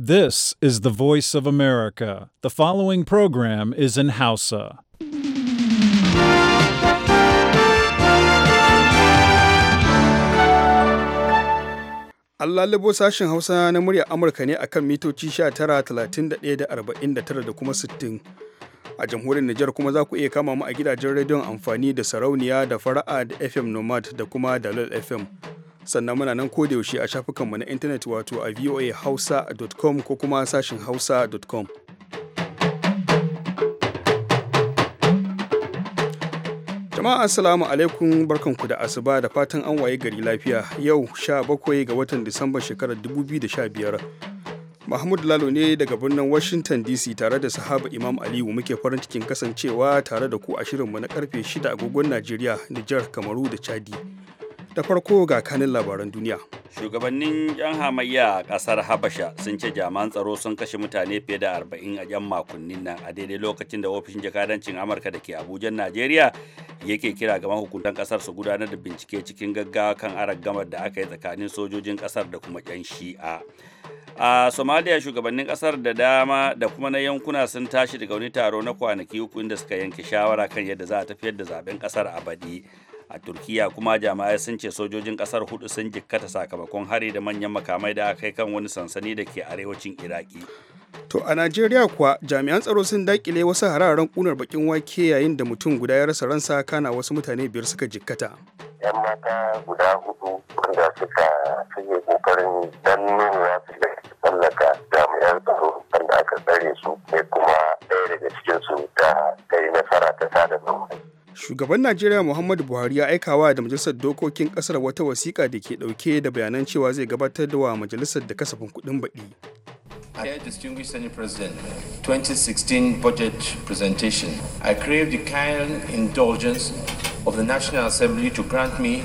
This is the voice of America. The following program is in Hausa. Allah labo sashen Hausa na murya Amurka ne akan mitoci 19, da da kuma 60. a jamhuriyar Nijar kuma za ku iya kama mu a gidajen rediyon amfani da sarauniya da fara'a da FM Nomad da kuma dalal FM. sannan muna nan ko da yaushe a shafukanmu na intanet wato a voahausa.com ko kuma sashin hausa.com jama'a assalamu alaikum barkanku da asuba da fatan an waye gari lafiya yau 17 ga watan disamba shekarar 2015 mahmud lalo ne daga birnin washington dc tare da sahaba imam aliyu muke farin cikin kasancewa tare da ku a shirinmu na karfe 6 agogon najeriya nijar kamaru da chadi da farko ga kanin labaran duniya shugabannin yan hamayya a kasar habasha sun ce jaman tsaro sun kashe mutane fiye da 40 a yan makonnin nan a daidai lokacin da ofishin jakadancin amurka da ke abuja najeriya yake kira ga mahukuntan kasar su gudanar da bincike cikin gaggawa kan arar gamar da aka yi tsakanin sojojin kasar da kuma yan shi'a a somalia shugabannin kasar da dama da kuma na yankuna sun tashi daga wani taro na kwanaki uku inda suka yanke shawara kan yadda za a tafiyar da zaben kasar a baɗi a turkiya kuma jami'ai sun ce sojojin kasar hudu sun jikkata sakamakon hari da manyan makamai da aka kan wani sansani da ke arewacin iraki to a najeriya kuwa jami'an tsaro sun dakile wasu hararen kunar bakin wake yayin da mutum guda ya rasa ransa kana wasu mutane biyar suka jikkata yan mata guda hudu wanda suka suke kokarin dan nuna jami'an tsaro wanda aka tsare su sai kuma daya daga cikinsu ta kai nasara ta sada zama. shugaban najeriya muhammadu buhari ya aikawa da majalisar dokokin kasar wata wasiƙa da ke ɗauke da bayanan cewa zai gabatar da wa majalisar da kasafin kuɗin baɗi Dear distinguished Senate President, 2016 budget presentation, I crave the kind indulgence of the National Assembly to grant me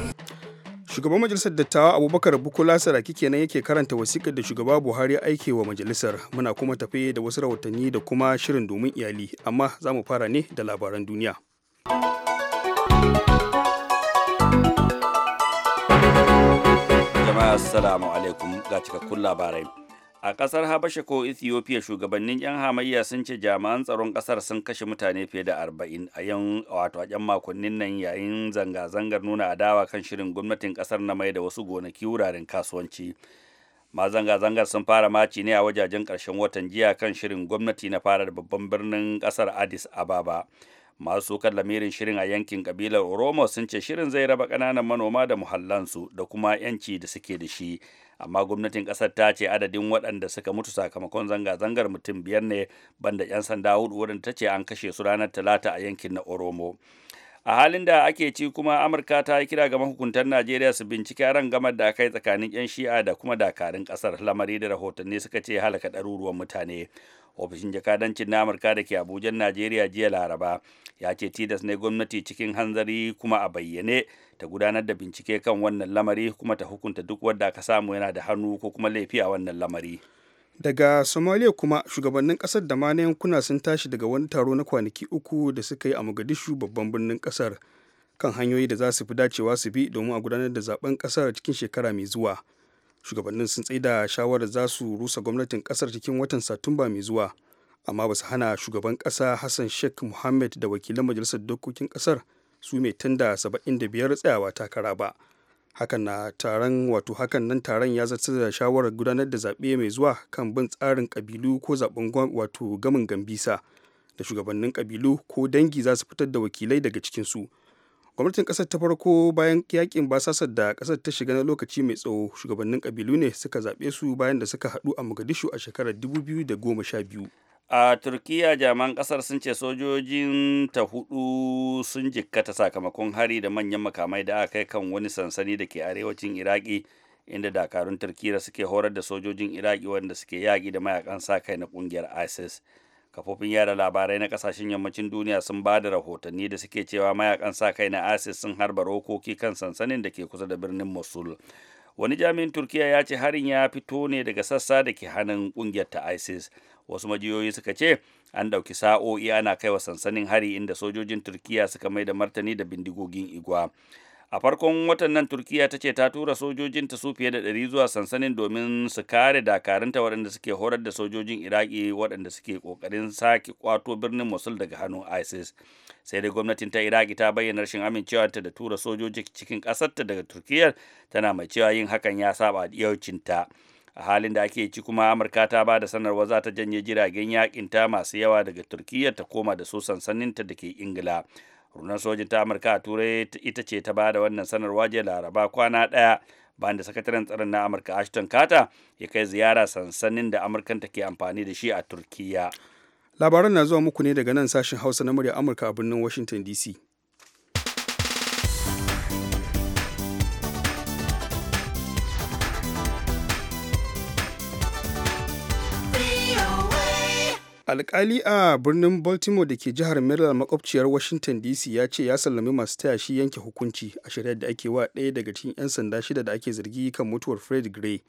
Shugaban Majalisar Dattawa Abubakar Bukola Saraki kenan yake karanta wasiƙar da shugaba Buhari aike wa majalisar. Muna kuma tafe da wasu rawatanni da kuma shirin domin iyali, amma za mu fara ne da labaran duniya. Assalamu alaikum ga cikakkun labarai. A ƙasar Habasha ko Ethiopia shugabannin 'yan hamayya sun ce jami'an tsaron ƙasar sun kashe mutane fiye da arba'in a yan wato a 'yan makonnin nan yayin zanga-zangar nuna adawa kan shirin gwamnatin ƙasar na mai da wasu gonaki wuraren kasuwanci. ma zanga-zangar sun fara maci ne a wajajen ƙarshen watan jiya kan shirin gwamnati na fara babban birnin ƙasar addis ababa masu kan lamirin shirin a yankin kabilar oromo sun ce shirin zai raba kananan manoma da muhallansu da kuma 'yanci da suke da shi amma gwamnatin ƙasar ta ce adadin waɗanda suka mutu sakamakon zanga-zangar mutum biyar ne banda 'yan sanda hudu wurin ta ce an kashe su ranar talata a yankin na oromo a halin da ake ci kuma amurka ta yi kira ga mahukuntan najeriya su bincike ran gamar da kai tsakanin yan shi'a da kuma dakarun kasar lamari da rahotanni suka ce halaka ɗaruruwan mutane ofishin jakadancin na amurka da ke abujan najeriya jiya laraba ya ce tilas ne gwamnati cikin hanzari kuma a bayyane ta gudanar da bincike kan wannan lamari kuma ta hukunta duk wanda aka samu yana da hannu ko kuma laifi a wannan lamari daga somalia kuma shugabannin kasar da mana yankuna sun tashi daga wani taro na kwanaki uku da suka yi a mogadishu babban birnin kasar kan hanyoyi da za su fi dacewa su bi domin a gudanar da zaben kasar cikin shekara mai zuwa shugabannin sun tsaida shawarar za su rusa gwamnatin kasar cikin watan satumba mai zuwa amma ba su hana shugaban kasa hassan sheikh muhammad da wakilan majalisar dokokin kasar su mai tanda biyar tsayawa takara ba hakan na taron wato hakan nan taron ya zata da shawarar gudanar da zaɓe mai zuwa kan bin tsarin kabilu ko zaɓen wato gamin gambisa da shugabannin ƙabilu ko dangi za su fitar da wakilai daga cikinsu su gwamnatin kasar ta farko bayan yakin basasar da ƙasar ta shiga na lokaci mai tsawo shugabannin ƙabilu ne suka zaɓe su bayan da suka haɗu a mogadishu a shekarar 2012 a turkiya jaman kasar sun ce sojojin ta hudu sun jikkata sakamakon hari da manyan makamai da aka kai kan wani sansani da ke arewacin iraki inda dakarun turkiya suke horar da sojojin iraki wanda suke yaƙi da mayakan sa kai na ƙungiyar isis kafofin yada labarai na kasashen yammacin duniya sun ba da rahotanni da suke cewa mayakan sa kai na isis sun harba rokoki kan sansanin da ke kusa da birnin mosul wani jami'in turkiya ya ce harin ya fito ne daga sassa da ke hannun kungiyar ta isis wasu majiyoyi suka ce an ɗauki sa'o'i ana kaiwa sansanin hari inda sojojin turkiya suka mai da martani da bindigogin igwa a farkon watan nan turkiya ta ce ta tura sojojinta su fiye da ɗari zuwa sansanin domin su kare dakarunta waɗanda suke horar da sojojin iraki waɗanda suke ƙoƙarin sake kwato birnin mosul daga hannun isis sai dai gwamnatin ta iraki ta bayyana rashin amincewarta da tura sojoji cikin ƙasarta daga turkiyar tana mai cewa yin hakan ya saba yaucinta a halin da ake ci kuma amurka ta ba da sanarwa za ta janye jiragen yakinta masu yawa daga turkiyya ta koma da su sansaninta da ke ingila rundunar sojin ta amurka a turai ita ce ta bada wannan sanarwa jiya laraba kwana daya bayan da sakataren tsaron na amurka ashton kata ya kai ziyara sansanin da amurkan ke amfani da shi a turkiya labaran na zuwa muku ne daga nan sashen hausa na murya amurka a birnin washington dc alkali a birnin baltimore da ke jihar maryland makwabciyar washington dc ya ce ya sallami masu taya shi yanke hukunci a shari'ar da ake wa ɗaya daga cikin 'yan sanda shida da ake zargi kan mutuwar fred gray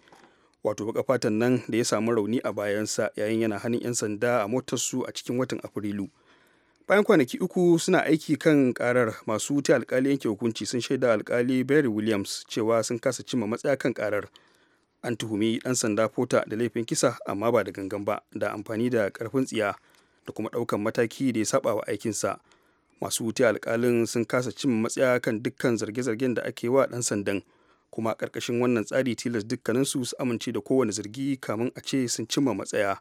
wato baka fatan nan da ya samu rauni a bayansa yayin yana hannun 'yan sanda a motarsu a cikin watan afrilu bayan kwanaki uku suna aiki kan karar masu wuta alkali yanke hukunci sun shaida alkali barry williams cewa sun kasa cimma matsaya kan karar an tuhumi ɗan sanda fota da laifin kisa amma ba da gangan ba da amfani da ƙarfin tsiya da kuma ɗaukan mataki da ya saba wa aikinsa masu wuce alkalin sun kasa cin matsaya kan dukkan zarge-zargen da ake wa ɗan sandan kuma a ƙarƙashin wannan tsari tilas dukkaninsu su amince da kowane zargi kamun a ce sun cimma matsaya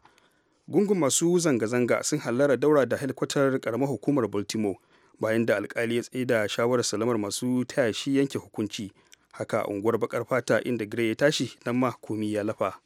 gungun masu zanga-zanga sun hallara daura da helikwatar karamar hukumar baltimore bayan da alkali ya da shawarar salamar masu taya shi yanke hukunci haka unguwar bakar fata inda gire ya tashi nan ma komi ya lafa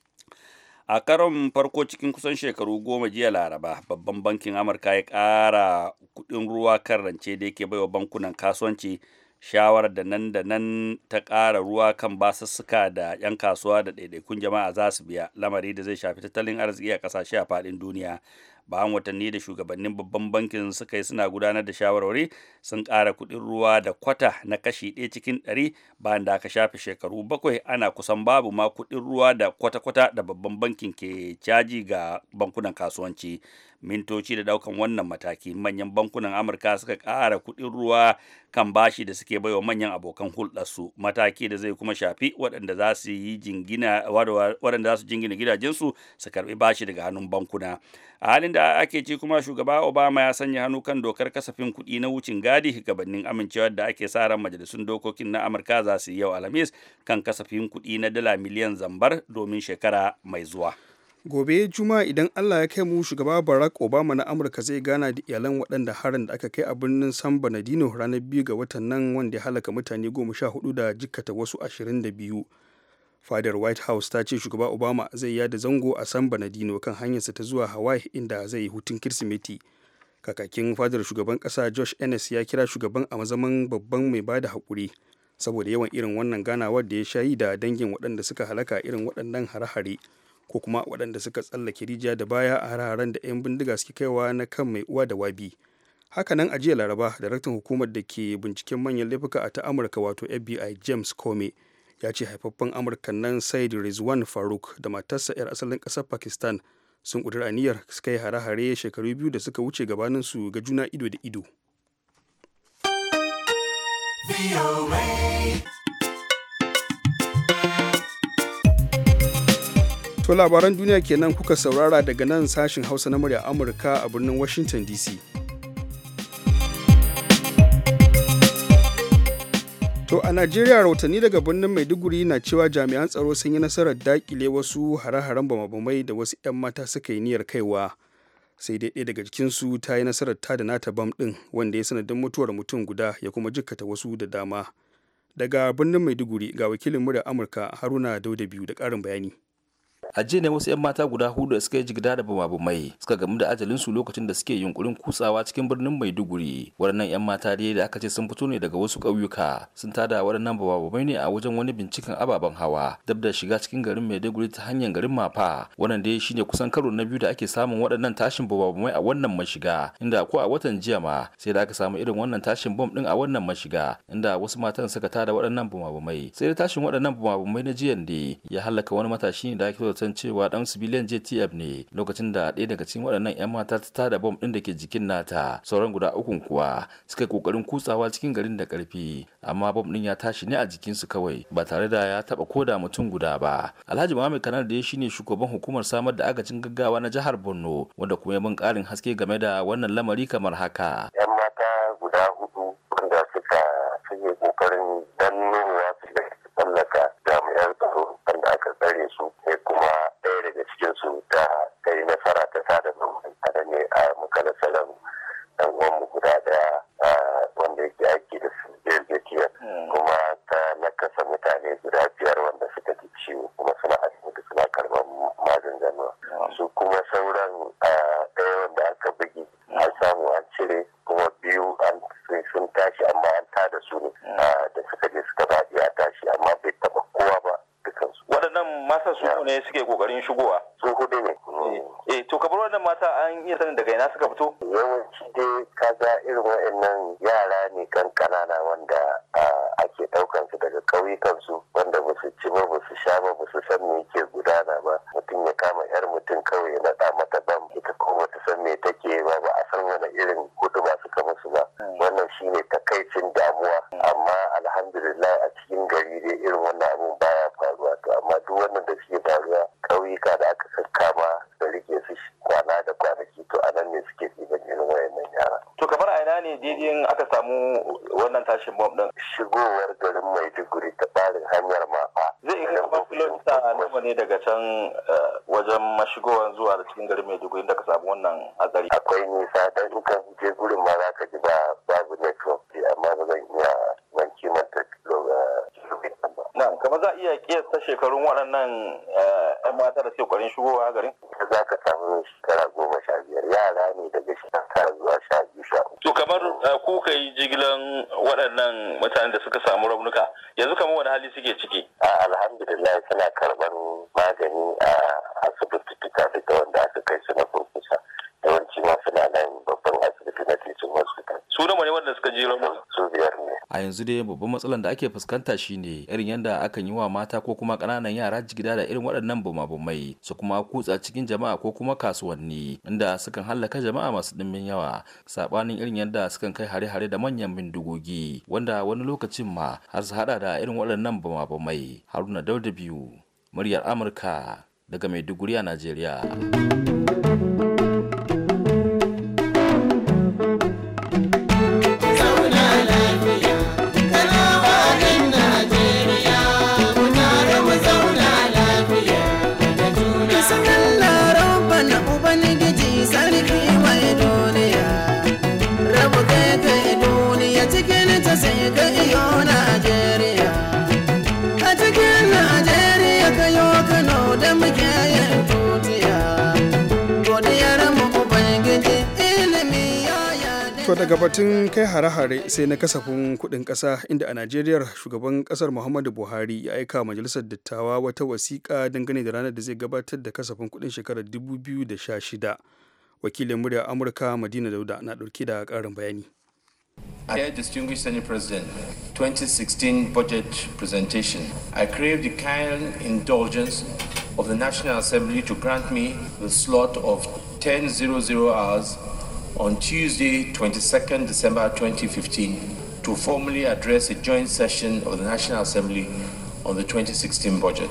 a karon farko cikin kusan shekaru goma jiya laraba babban bankin amurka ya ƙara kuɗin ruwa kan rance da yake baiwa bankunan kasuwanci shawarar da nan da nan ta ƙara ruwa kan basussuka da 'yan kasuwa da ɗaiɗaikun jama'a za su biya lamari da zai shafi tattalin arziki a ƙasashe a faɗin duniya bayan watanni da shugabannin babban bankin suka yi suna gudanar da shawarwari sun kara kuɗin ruwa da kwata na kashi ɗaya cikin ɗari bayan da aka shafe shekaru bakwai ana kusan babu ma kuɗin ruwa da kwata-kwata da babban bankin ke caji ga bankunan kasuwanci mintoci da daukan wannan mataki manyan bankunan amurka suka kara kuɗin ruwa kan bashi da suke baiwa manyan abokan hulɗarsu mataki da zai kuma shafi waɗanda za su yi jingina waɗanda za su jingina gidajensu su karɓi bashi daga hannun bankuna a halin da da ake ci kuma shugaba obama ya sanya hannu kan dokar kasafin kuɗi na wucin gadi gabanin amincewar da ake sa ran majalisun dokokin na amurka za su yi yau alhamis kan kasafin kuɗi na dala miliyan zambar domin shekara mai zuwa gobe juma'a idan allah ya kai mu shugaba barack obama na amurka zai gana da iyalan waɗanda harin da aka kai a birnin san bernardino ranar biyu ga watan nan wanda ya halaka mutane goma sha hudu da jikkata wasu ashirin da biyu fadar white house ta ce shugaba obama zai da zango a san banadino kan hanyarsa ta zuwa hawaii inda zai yi hutun kirsimeti kakakin fadar shugaban kasa josh ennis ya kira shugaban a mazaman babban mai ba da haƙuri saboda yawan irin wannan ganawar da ya sha yi da dangin waɗanda suka halaka irin waɗannan hare-hare ko kuma waɗanda suka tsallake rijiya da baya a hare-haren da 'yan bindiga suke kaiwa na kan mai uwa da wabi hakanan a jiya laraba daraktan hukumar da ke binciken manyan laifuka a ta amurka wato fbi james comey ya ce haifaffen amurkan nan said rizwan faruk da matarsa 'yar asalin ƙasar pakistan sun ƙudiri aniyar suka yi hare-hare shekaru biyu da suka wuce gabanin su ga juna ido da ido To labaran duniya kenan kuka saurara daga nan sashin hausa na murya amurka a birnin washington dc To a Najeriya rahotanni daga birnin Maiduguri na cewa jami'an tsaro sun yi nasarar dakile wasu hare-haren bamabamai da wasu 'yan mata suka yi niyyar kaiwa. Sai dai ɗaya daga cikinsu ta yi nasarar tada nata bam ɗin wanda ya sanadin mutuwar mutum guda ya kuma jikkata wasu da dama. Daga birnin Maiduguri ga wakilin murya Amurka Haruna Dauda biyu da ƙarin bayani. a jiya ne wasu 'yan mata guda hudu da suka yi jigida da bumabumai suka gamu da ajalin su lokacin da suke yunkurin kutsawa cikin birnin maiduguri waɗannan 'yan mata dai da aka ce sun fito ne daga wasu ƙauyuka sun tada waɗannan bumabumai ne a wajen wani binciken ababen hawa dab da shiga cikin garin maiduguri ta hanyar garin mafa wannan dai shine kusan karo na biyu da ake samun waɗannan tashin bumabumai a wannan mashiga inda ko a watan jiya ma sai da aka samu irin wannan tashin bom din a wannan mashiga inda wasu matan suka tada waɗannan bumabumai sai da tashin waɗannan bumabumai na jiya ne ya halaka wani matashi da ake rahoton cewa dan civilian JTF ne lokacin da ɗaya daga cikin waɗannan 'yan mata ta tada bom ɗin da ke jikin nata sauran guda ukun kuwa suka yi kokarin kutsawa cikin garin da ƙarfi amma bom ɗin ya tashi ne a jikinsu kawai ba tare da ya taɓa koda mutum guda ba. Alhaji Muhammad Kanar da ya ne shugaban hukumar samar da agajin gaggawa na jihar Borno wanda kuma ya bin ƙarin haske game da wannan lamari kamar haka. 'Yan mata guda wanda suka suke kokarin su da tsallaka jami'an tsaro wanda aka tsare su ne cikin su ta ta yi nasara ta sada zumunta da ne a mukalar salam dan uwan mu guda da wanda yake aiki da su jirgin hmm. kuma ta nakasa mutane guda biyar wanda suka ji ciwo kuma suna asibiti suna karban magani hmm. su kuma sauran ɗaya wanda aka bugi hmm. an samu an cire kuma biyu an sun tashi amma an tada su ne da suka je suka ba ya tashi amma bai taba kowa ba dukansu waɗannan masa su ne suke kokarin shigowa waɗannan mata an iya sanin daga ina suka fito yawanci dai kaga irin waɗannan ya daidai aka samu wannan tashin bom din shigowar garin maiduguri ta tsarin hanyar mafa zai iya kuma kilomita nawa ne daga can eh, wajen mashigowar zuwa da cikin garin maiduguri da ka samu wannan hatsari akwai nisa da in ka je gurin ma za ka ji ba babu network amma ba zan iya ban kimanta kilomita ba na kamar za a iya kiyasta shekarun waɗannan 'yan eh, mata da suke ƙwarin shigowa garin za ka samu shekara Eh, ku ka yi jigilan waɗannan mutanen da suka samu raunuka yanzu kamar wani hali suke ciki ah, alhamdulillah suna karɓar magani yanzu dai babban matsalar da ake fuskanta shine irin yadda akan yi wa mata ko kuma kananan yara jigida da irin waɗannan bumabumai su kuma kutsa cikin jama'a ko kuma kasuwanni inda sukan hallaka jama'a masu ɗimbin yawa saɓanin irin yadda sukan kai hare-hare da manyan bindigogi wanda wani lokacin ma har su haɗa da irin waɗannan bumabumai haruna dauda biyu muryar amurka daga maiduguri a najeriya daga batun kai hare-hare sai na kasafin kudin kasa inda a najeriya shugaban kasar muhammadu buhari ya aika majalisar dattawa wata wasiƙa dangane da ranar da zai gabatar da kasafin kudin shekarar 2016 wakilin murya amurka madina dauda na ɗauke da karin bayani Dear distinguished Senate President, 2016 budget presentation. I crave the kind indulgence of the National Assembly to grant me the slot of 10:00 hours on Tuesday, 22nd December 2015, to formally address a joint session of the National Assembly on the 2016 budget.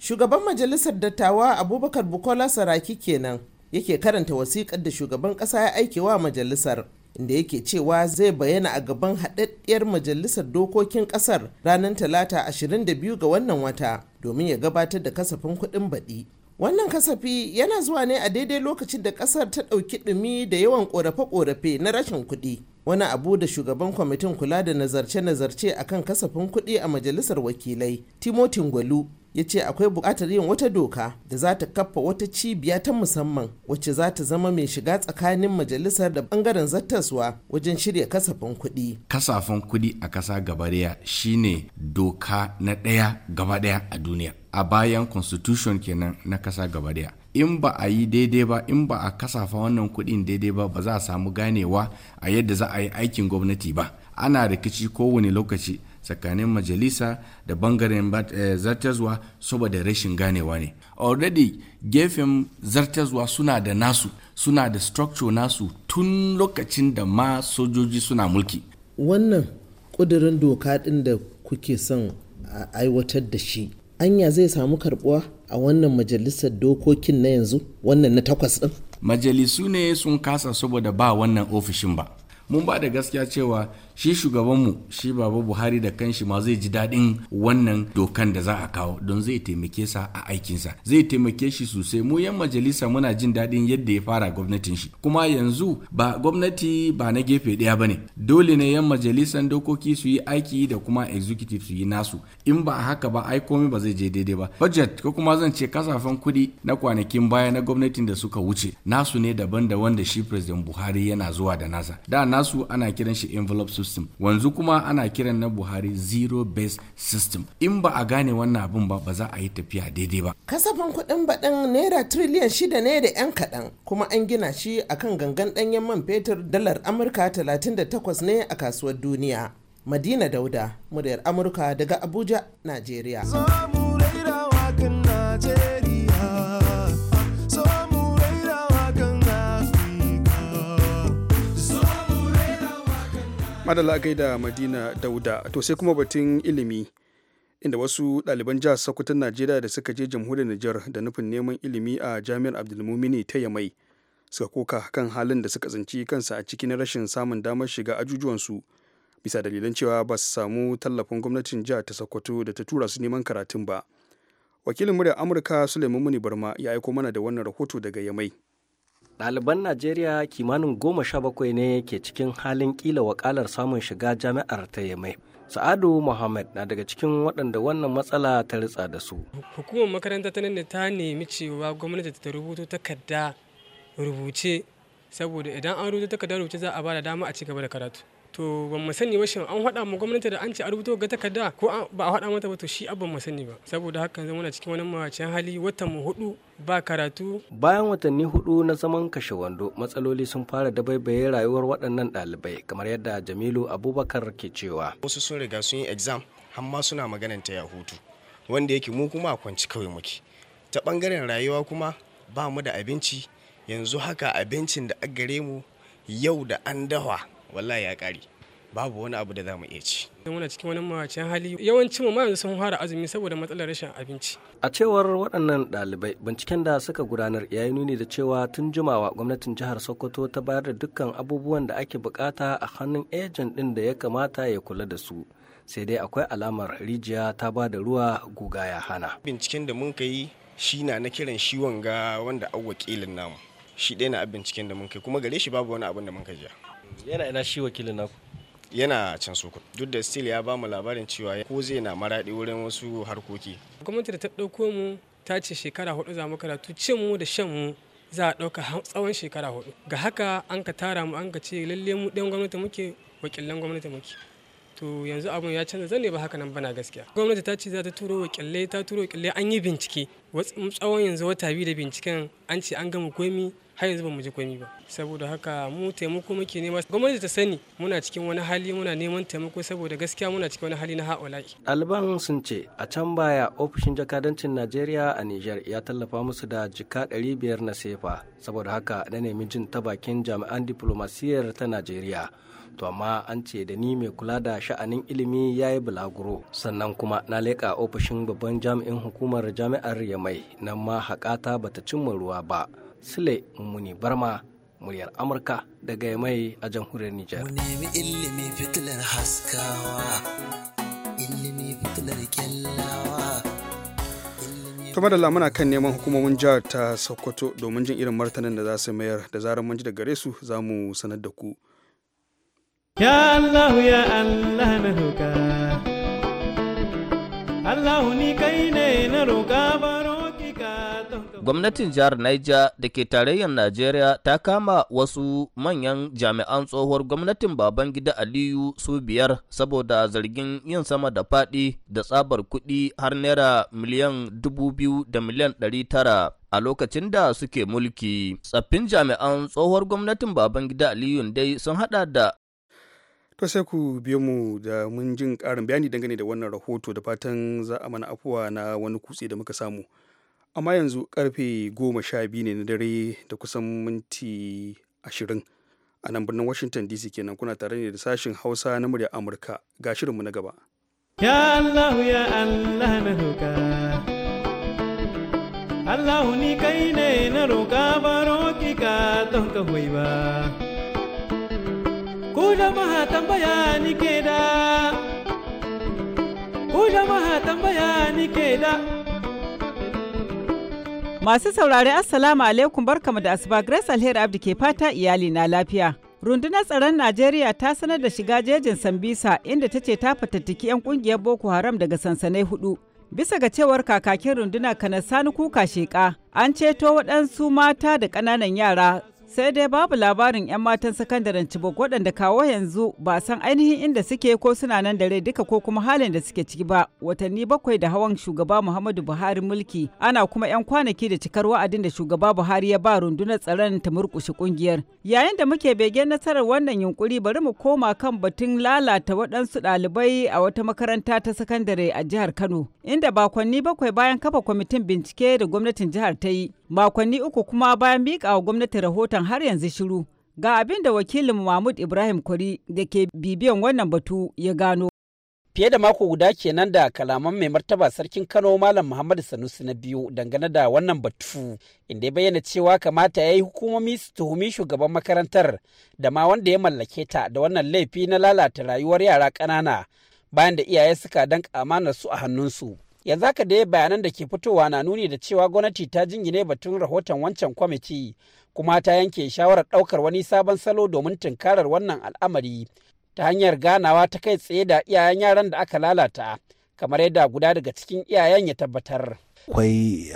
Shugaban Majalisar Dattawa Abubakar Bukola Saraki kenan yake karanta wasiƙar da shugaban ƙasa ya aikewa majalisar inda yake cewa zai bayyana a gaban haɗaɗɗiyar majalisar dokokin ƙasar ranar talata 22 ga wannan wata domin ya gabatar da kasafin kuɗin baɗi. wannan kasafi yana zuwa ne a daidai lokacin da kasar ta ɗauki ɗumi da yawan ƙorafe-ƙorafe na rashin kuɗi wani abu da shugaban kwamitin kula da nazarce-nazarce a kan kasafin kuɗi a majalisar wakilai timotin gwalu ya ce akwai buƙatar yin wata doka da za ta kafa wata cibiya ta musamman wacce za ta zama mai shiga tsakanin majalisar da bangaren zattaswa wajen shirya kasafin kuɗi. kasafin kuɗi a ƙasa gabariya shine doka na ɗaya gaba ɗaya a duniya a bayan constitution kenan na kasa gaba daya in ba a yi daidai ba in ba a kasafa wannan kuɗin daidai ba ba za a samu ganewa a yadda za a yi aikin gwamnati ba ana rikici kowane lokaci tsakanin majalisa da bangaren eh, zartazwa saboda rashin ganewa ne already gefen zartazwa suna da nasu suna da structure nasu tun lokacin da ma sojoji suna mulki wannan ƙudurin doka ɗin da kuke son a aiwatar da shi anya zai samu karbuwa a wannan majalisar dokokin na yanzu wannan na takwas ɗin. majalisu ne sun kasa saboda ba wannan ofishin ba mun ba da gaskiya cewa shi shugabanmu shi baba buhari da kanshi ma zai ji daɗin wannan dokan da za a kawo don zai taimake sa a aikinsa zai taimake shi sosai mu yan majalisa muna jin daɗin yadda ya fara gwamnatin shi kuma yanzu ba gwamnati ba na gefe ɗaya ba ne dole ne yan majalisan dokoki su yi aiki da kuma executive su yi nasu in ba haka ba ai komai ba zai je daidai ba budget ko kuma zan ce kasafan kuɗi na kwanakin baya na gwamnatin da suka wuce nasu ne daban da wanda shi president buhari yana zuwa da nasa da nasu ana kiran shi envelope system wanzu kuma ana kiran na buhari zero based system in ba a gane wannan abin ba ba za a yi tafiya daidai ba kasafin kuɗin baɗin naira trillion shida ne da yan kaɗan kuma an gina shi akan gangan ɗanyen man fetur dalar amurka 38 ne a kasuwar duniya madina dauda muryar amurka daga abuja najeriya madalla gaida madina dauda to sai kuma batun ilimi inda wasu ɗaliban jihar sokoton najeriya da suka je jamhuriyar nijar da nufin neman ilimi a jami'ar abdulmumini ta yamai suka koka kan halin da suka tsinci kansa a cikin rashin samun damar shiga ajujuwansu bisa dalilan cewa ba su samu tallafin gwamnatin jihar ta sokoto da ta tura su neman karatun ba wakilin muryar amurka suleiman muni barma ya aiko mana da wannan rahoto daga yamai ɗaliban najeriya kimanin goma sha bakwai ne ke cikin halin kila wakalar samun shiga jami'ar ta yamai sa'adu muhammad na daga cikin waɗanda wannan matsala ta ritsa da su hukumar makaranta ta nan ta nemi cewa gwamnati ta rubuto takarda rubuce saboda idan an rubuta takarda rubuce za a ba da dama a ci gaba da karatu to ban mu sani ba shin an haɗa mu gwamnati da an ce a rubuto ga takarda ko ba a haɗa mata ba to shi abban mu sani ba saboda haka yanzu muna cikin wani mawacin hali watan mu hudu ba karatu bayan watanni hudu na zaman kashe wando matsaloli sun fara dabaibaye rayuwar waɗannan ɗalibai kamar yadda Jamilu Abubakar ke cewa wasu sun riga sun yi exam amma suna maganan ta yahutu wanda yake mu kuma a kwanci kawai muke ta bangaren rayuwa kuma ba mu da abinci yanzu haka abincin da gare mu yau da an dawa wallahi ya ƙare babu wani abu da za mu iya ci. muna cikin wani mawacin hali yawanci mu ma yanzu sun fara azumi saboda matsalar rashin abinci. A cewar waɗannan ɗalibai binciken da suka gudanar ya yi nuni da cewa tun jimawa gwamnatin jihar Sokoto ta bayar da dukkan abubuwan da ake bukata a hannun ejen ɗin da ya kamata ya kula da su. Sai dai akwai alamar rijiya ta ba da ruwa guga ya hana. Binciken da mun ka yi shi na na kiran shi wanga wanda awwakilin namu. Shi ɗaya na binciken da mun kai kuma gare shi babu wani abin da mun kai yana ina shi wakilin naku yana can soko duk da still ya bamu labarin cewa ko zai na maraɗi wurin wasu harkoki gwamnati da ta ɗauko mu ta ce shekara hudu za mu karatu cin mu da shan mu za a ɗauka tsawon shekara hudu ga haka an ka tara mu an ka ce lalle mu ɗan gwamnati muke wakilan gwamnati muke to yanzu abun ya canza zan ba haka nan bana gaskiya gwamnati ta ce za ta turo wakilai ta turo wakilai an yi bincike tsawon yanzu wata biyu da binciken an ce an gama komi har yanzu bamu ji komi ba saboda haka mu taimako muke nema gwamnati ta sani muna cikin wani hali muna neman taimako saboda gaskiya muna cikin wani hali na ha'ula'i alban sun ce a can baya ofishin jakadancin najeriya a niger ya tallafa musu da jika 500 na sefa saboda haka na nemi jin ta bakin jami'an diplomasiyyar ta najeriya to amma an ce da ni mai kula da sha'anin ilimi ya yi bulaguro sannan kuma na leƙa ofishin babban jami'in hukumar jami'ar yamai nan ma haƙata bata cimma ruwa ba sule mummuni barma muryar amurka daga yamai a jamhuriyar nijar mu nemi ilimi fitilar haskawa ilimi fitilar kyallawa da muna kan neman hukumomin jihar ta sokoto domin jin irin martanin da za su mayar da zarar mun ji da gare su za mu sanar da ku Ya Allah ne na Gwamnatin jihar Niger da ke tarayyar Najeriya ta kama wasu manyan jami'an tsohuwar gwamnatin Babangida Aliyu su biyar saboda zargin yin sama da faɗi da tsabar kuɗi har naira miliyan dubu biyu da miliyan ɗari tara a lokacin da suke mulki. Tsaffin jami'an tsohuwar gwamnatin Babangida Aliyu dai sun haɗa da kasa sai ku biyo mu da mun jin ƙarin bayani dangane da wannan rahoto da fatan za a mana afuwa na wani kutse da muka samu amma yanzu karfe goma sha biyu ne na dare da kusan minti ashirin a nan birnin washington dc kenan kuna tare ne da sashin hausa na murya amurka ga shirinmu na gaba ya allahu ya allah na roka allahu ni kai ne na roka baro ki ka don ka ba jama'a tambaya ni ke da tambaya ni Masu saurare Assalamu alaikum barkamu da asuba Grace Alheri Abdi ke fata iyali na lafiya. Rundunar tsaron Najeriya ta sanar da shiga jejin Sambisa inda ta ce ta fatattaki 'yan kungiyar Boko Haram daga sansanai hudu. Bisa ga cewar kakakin runduna kanar sani kuka sheka an ceto waɗansu mata da ƙananan yara sai dai babu labarin 'yan matan sakandaren Chibok waɗanda kawo yanzu ba san ainihin inda suke ko suna nan da rai duka ko kuma halin da suke ciki ba watanni bakwai da hawan shugaba Muhammadu Buhari mulki ana kuma 'yan kwanaki da cikar wa'adin da shugaba Buhari ya ba rundunar tsaron ta murƙushe kungiyar. Yayin da muke begen nasarar wannan yunkuri bari mu koma kan batun lalata waɗansu ɗalibai a wata makaranta ta sakandare a jihar Kano inda bakonni bakwai bayan kafa kwamitin bincike da gwamnatin jihar ta yi makonni uku kuma bayan miƙa wa gwamnati rahoton har yanzu shiru ga abin da wakilin mahmud ibrahim kwari da ke bibiyan wannan batu ya gano fiye da mako guda kenan da kalaman mai martaba sarkin kano malam muhammadu sanusi na biyu dangane da wannan batu inda ya bayyana cewa kamata ya yi hukumomi su tuhumi shugaban makarantar da ma wanda ya mallake ta da wannan laifi na lalata rayuwar yara ƙanana bayan da iyaye suka danka amanar su a hannunsu yanzu haka ya bayanan da ke fitowa na nuni da cewa gwamnati ta jingine batun rahoton wancan kwamiti kuma ta yanke shawarar ɗaukar wani sabon salo domin tunkarar wannan al'amari ta hanyar ganawa ta kai tsaye da iyayen yaran da aka lalata kamar yadda guda daga cikin iyayen ya tabbatar. akwai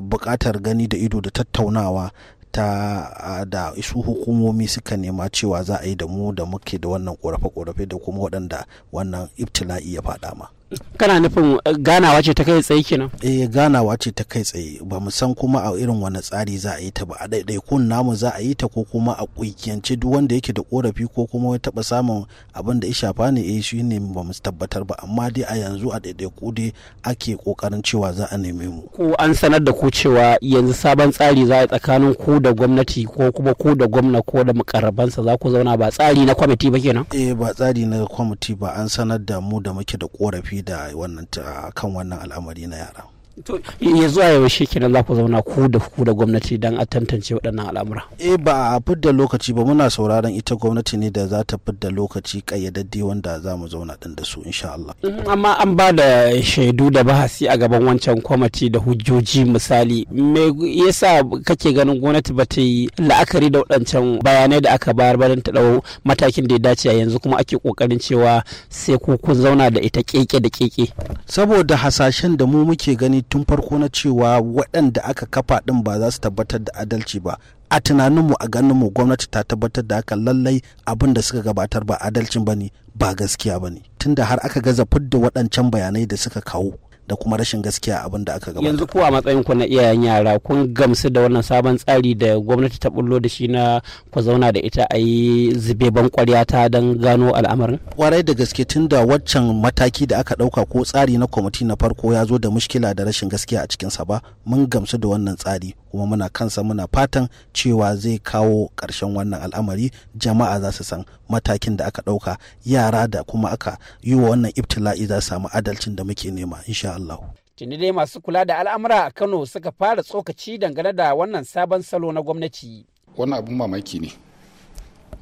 buƙatar gani da ido da tattaunawa ta da su hukumomi suka nema cewa za a yi da mu da muke da wannan ƙorafe-ƙorafe da kuma waɗanda wannan ibtila'i ya faɗa ma. kana nufin uh, ganawa ce ta kai tsaye kenan eh ganawa ce ta kai tsaye ba mu san kuma a irin wani tsari za a yi ta ba a ɗaiɗaikun namu za a yi ta ko kuma a ƙungiyance duk wanda yake da korafi ko kuma ya taɓa samun abin da ya shafa ne eh shi ne ba mu tabbatar ba amma dai a yanzu a ɗaiɗaiku dai ake ƙoƙarin cewa za a neme mu ko an sanar da ku cewa yanzu sabon tsari za a tsakanin ku da gwamnati ko kuma ku da gwamna ko da mukarrabansa za ku zauna ba tsari na kwamiti ba kenan eh ba tsari na kwamiti ba an sanar da mu da muke da korafi da wannan kan wannan al'amari na yara to ya zuwa yau shi kenan za ku zauna ku da ku da gwamnati don a tantance waɗannan al'amura eh ba a fidda lokaci ba muna sauraron ita gwamnati ne da za ta fidda lokaci kayyadadde wanda za mu zauna ɗin da su insha Allah mhm, amma an ba da shaidu da bahasi a gaban wancan kwamati da hujjoji misali me yasa kake ganin gwamnati ba ta yi la'akari da waɗancan bayanai da aka bayar ba don ta ɗau matakin da ya dace a yanzu kuma ake ƙoƙarin cewa sai ku kun zauna da ita keke da keke saboda hasashen da mu muke gani tun farko na cewa waɗanda aka kafa ɗin ba za su tabbatar da adalci ba a tunaninmu a ganinmu gwamnati ta tabbatar da haka lallai abin da suka gabatar ba adalcin ba ne ba gaskiya ba ne tunda har aka gaza fidda waɗancan bayanai da suka kawo da kuma rashin gaskiya abin da aka gabata yanzu kuwa matsayin ku na iyayen yara kun gamsu da wannan sabon tsari da gwamnati ta bullo da shi na ku zauna da ita a yi zube ban kwarya ta don gano al'amarin kwarai da gaske tun da waccan mataki da aka ɗauka ko tsari na kwamiti na farko ya zo da mushkila da rashin gaskiya a cikinsa ba mun gamsu da wannan tsari kuma muna kansa muna fatan cewa zai kawo ƙarshen wannan al'amari jama'a za su san matakin da aka ɗauka yara da kuma aka yi wa wannan ibtila'i za su samu adalcin da muke nema insha Allahu. Tuni dai masu kula da al'amura a Kano suka fara tsokaci dangane da wannan sabon salo na gwamnati. wani abin mamaki ne,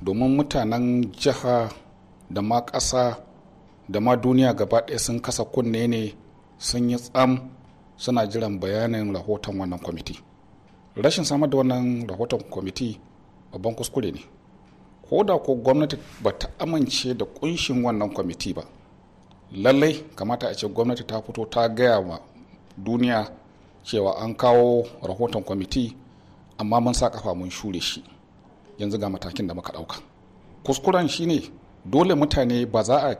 domin mutanen jiha da ma ƙasa da ma duniya gaba ɗaya sun kasa kunne ne sun yi tsam suna jiran bayanin rahoton wannan kwamiti. Rashin samar da wannan rahoton kwamiti babban kuskure ne. Ko da ko gwamnati ba ta amince da ƙunshin wannan kwamiti ba. lallai kamata a ce gwamnati ta fito ta gaya wa duniya cewa an kawo rahoton kwamiti amma mun sa kafa mun shure shi yanzu ga matakin da muka ɗauka kuskuren shine dole mutane ba za a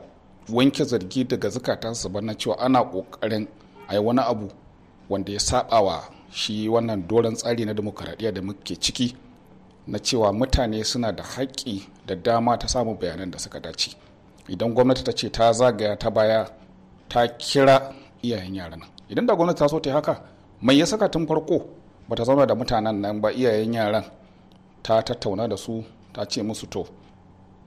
wanke zargi daga zukatansu ba na cewa ana kokarin a yi wani abu wanda ya saba wa shi wannan doron tsari na demokaradiyya da muke ciki na cewa mutane suna da haƙƙi da dama ta samun bayanan da suka dace. idan gwamnati ta ce ta zagaya ta baya ta kira iyayen yaran idan da gwamnati ta so ta haka mai ya saka tun farko ba ta zauna da mutanen nan ba iyayen yaran ta tattauna da su ta ce musu to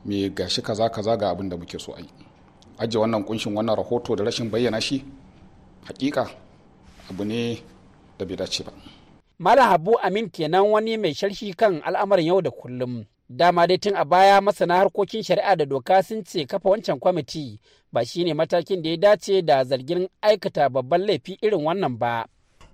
me gashi kaza kaza ga abin da muke so a yi wannan kunshin wannan rahoto da rashin bayyana shi hakika abu ne da bai dace ba malam habu amin kenan wani mai sharshi kan al'amarin yau da kullum dama dai tun a baya masana harkokin shari'a da doka sun ce kafa wancan kwamiti ba shine matakin da ya dace da zargin aikata babban laifi irin wannan ba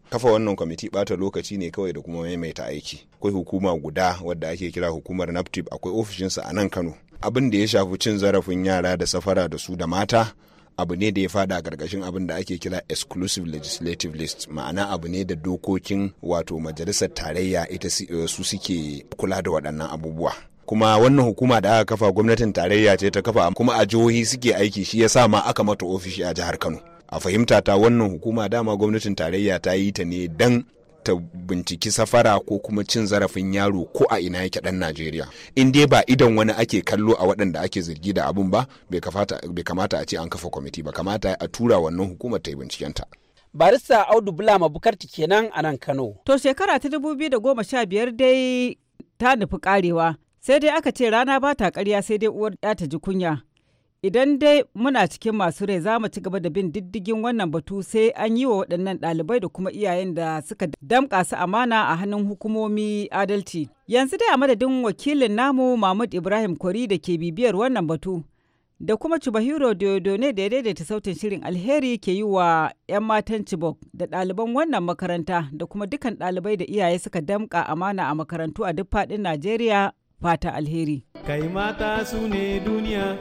kafa wannan kwamiti bata lokaci ne kawai da kuma maimaita aiki akwai hukuma guda wadda ake kira hukumar naptip akwai ofishinsa a nan kano abin da ya shafi cin zarafin yara da safara da su da mata abu ne da ya fada a ƙarƙashin abin da ake kira exclusive legislative list ma'ana abu ne da dokokin wato majalisar tarayya ita eh, su suke kula da waɗannan abubuwa kuma wannan hukuma da aka kafa gwamnatin tarayya ce ta kafa kuma a jihohi suke aiki shi ya sa ma aka mata ofishi a jihar Kano a fahimta ta wannan hukuma dama gwamnatin tarayya ta yi ta ne dan ta binciki safara ko kuma cin zarafin yaro ko a ina yake dan Najeriya in dai ba idan wani ake kallo a waɗanda ake zargi da abun ba bai kamata a ce an kafa kwamiti ba kamata a tura wannan hukumar ta yi bincikenta. barista audu bulama bukarti kenan a nan kano to shekara ta dubu biyu da goma sha biyar dai ta nufi karewa sai dai aka ce rana ba ta karya sai dai uwar ya ta ji kunya Idan dai muna cikin masu rai za mu ci gaba da bin diddigin wannan batu sai an yi wa waɗannan ɗalibai da kuma iyayen da suka damƙa su amana a hannun hukumomi adalci. Yanzu dai a madadin wakilin namu Mahmud Ibrahim Kwari da ke bibiyar wannan batu. da kuma Diodo ne da ya daidaita sautin shirin alheri ke yi wa 'yan matan Chibok da ɗaliban wannan makaranta da kuma dukan ɗalibai da iyaye suka damƙa amana a makarantu a duk faɗin Najeriya fata alheri. Kai mata su ne duniya,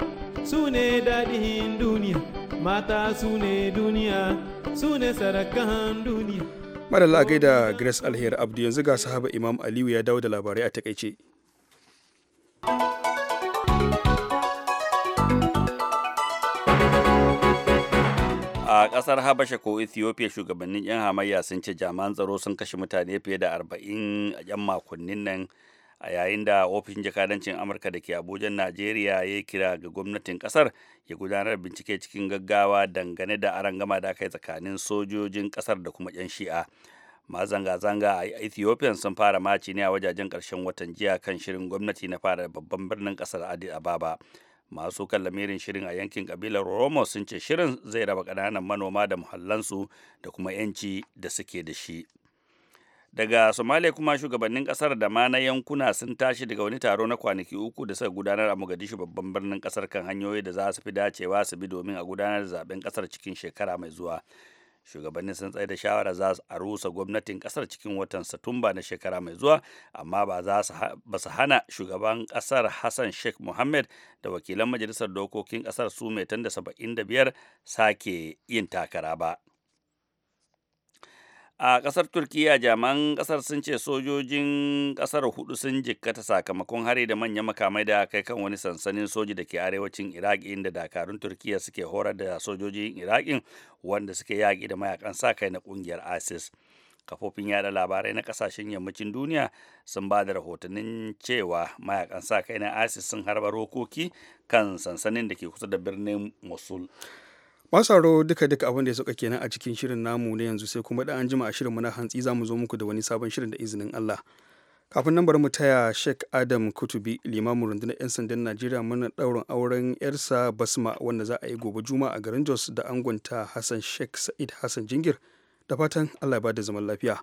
su ne daɗin duniya mata su ne duniya su ne sarakan duniya madalla gaida grace alheri abdu yanzu ga sahaba imam aliyu ya dawo da labarai a takaice a kasar habasha ko ethiopia shugabannin yan hamayya sun ce jaman tsaro sun kashe mutane fiye da 40 a yan makonnin nan a yayin da ofishin jakadancin amurka da ke abuja najeriya ya kira ga gwamnatin kasar ya gudanar bincike cikin gaggawa dangane da gama da aka yi tsakanin sojojin kasar da kuma 'yan shi'a ma zanga-zanga a ethiopian sun fara maci ne a wajajen karshen watan jiya kan shirin gwamnati na fara babban birnin kasar addis ababa masu kallamirin shirin a yankin kabilar romo sun ce shirin zai raba ƙananan manoma da muhallansu da kuma 'yanci da suke da shi daga somalia kuma shugabannin kasar da ma na yankuna sun tashi daga wani taro na kwanaki uku da suka gudanar a mogadishu babban birnin kasar kan hanyoyi da za su fi dacewa su bi domin a gudanar da zaben kasar cikin shekara mai zuwa shugabannin sun tsaye da shawara za su rusa gwamnatin kasar cikin watan satumba na shekara mai zuwa amma ba za su hana shugaban kasar hassan sheikh mohammed da wakilan majalisar dokokin kasar su mai da biyar sake yin takara ba a kasar turkiya jaman kasar sun ce sojojin kasar hudu sun jikkata sakamakon hari da manyan makamai da kai kan wani sansanin soji da ke arewacin iraki inda dakarun turkiya suke horar da sojojin irakin wanda suke yaƙi da mayakan sa kai na ƙungiyar isis kafofin yada labarai na kasashen yammacin duniya sun ba da rahotannin cewa mayakan sa kai na isis sun harba rokoki kan sansanin da ke kusa da birnin mosul masaro duka-duka abin da ya sauka kenan a cikin shirin namu na yanzu sai kuma da an jima a shirinmu na hantsi za mu zo muku da wani sabon shirin da izinin Allah. Kafin nan bari mu taya Sheikh Adam Kutubi limamin rundunar 'yan sandan Najeriya muna ɗaurin auren 'yarsa Basma wanda za a yi gobe Juma'a a garin Jos da angonta Hassan Sheikh Sa'id Hassan Jingir da fatan Allah ya bada zaman lafiya.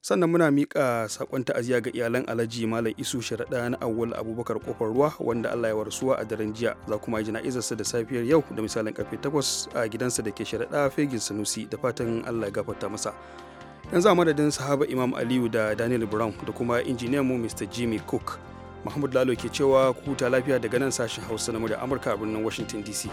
sannan muna miƙa saƙon ta'aziyya ga iyalan alhaji malam isu sharaɗa na awwal abubakar kofar ruwa wanda allah ya warsuwa a daren jiya za kuma jana'izarsa da safiyar yau da misalin karfe 8 a gidansa da ke sharaɗa fegin sanusi da fatan allah ya gafarta masa yanzu a madadin sahaba imam aliyu da daniel brown da kuma injiniyan mu mr jimmy cook mahmud lalo ke cewa ku huta lafiya daga nan sashen hausa na amurka a birnin washington dc